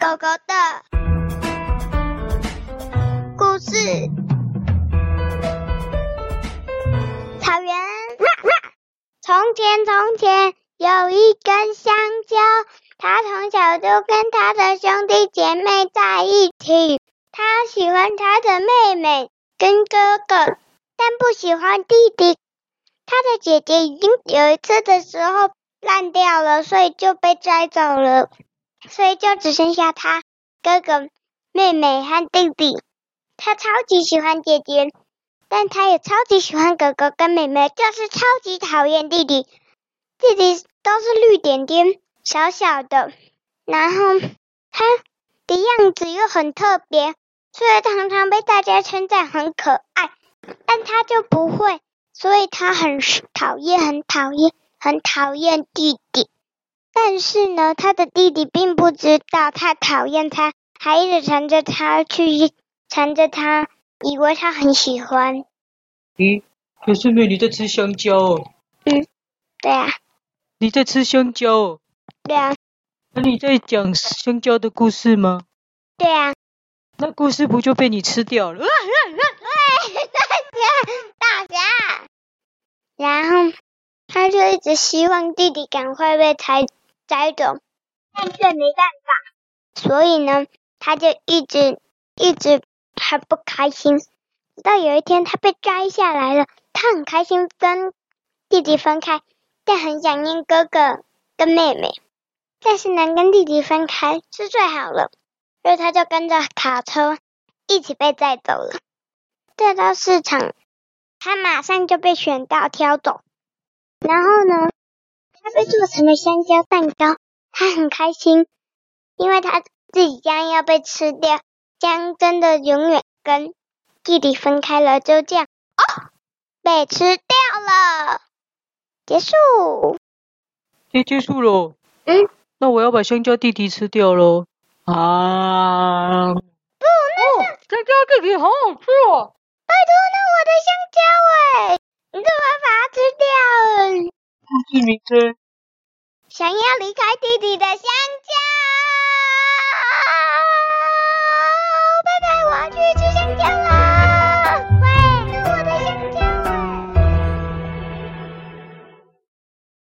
狗狗的故事。草原。從前，從前有一根香蕉，它從小就跟它的兄弟姐妹在一起。它喜歡它的妹妹跟哥哥，但不喜歡弟弟。它的姐姐已經有一次的時候爛掉了，所以就被摘走了。所以就只剩下他哥哥、妹妹和弟弟。他超級喜歡姐姐，但他也超級喜歡哥哥跟妹妹，就是超級討厭弟弟。弟弟都是綠點點，小小的，然後他的樣子又很特別，所以他常常被大家稱讚很可愛。但他就不會，所以他很討厭、很討厭、很討厭弟弟。但是呢，他的弟弟並不知道他討厭他，還一直纏着他去纏着他，以為他很喜歡。咦、嗯，可是妹妹，你在吃香蕉哦？嗯，對啊。你在吃香蕉哦？對啊。那、啊、你在講香蕉的故事嗎？對啊。那故事不就被你吃掉了？大俠、啊啊啊哎，大俠。大家然後他就一直希望弟弟趕快被決。摘走，但卻沒辦法，所以呢，他就一直一直很不開心。直到有一天，他被摘下來了，他很開心跟弟弟分開，但很想念哥哥跟妹妹。但是能跟弟弟分開是最好了，所以他就跟着卡車一起被帶走了。帶到市場，他馬上就被選到挑走。然後呢？被做成了香蕉蛋糕，他很開心，因為他自己將要被吃掉，將真的永遠跟弟弟分開了。就這樣，啊、哦，被吃掉了，結束，要結，結束了。嗯，那我要把香蕉弟弟吃掉咯。啊，不，那、哦、香蕉弟弟，好好吃哦。想要離開弟弟的香蕉。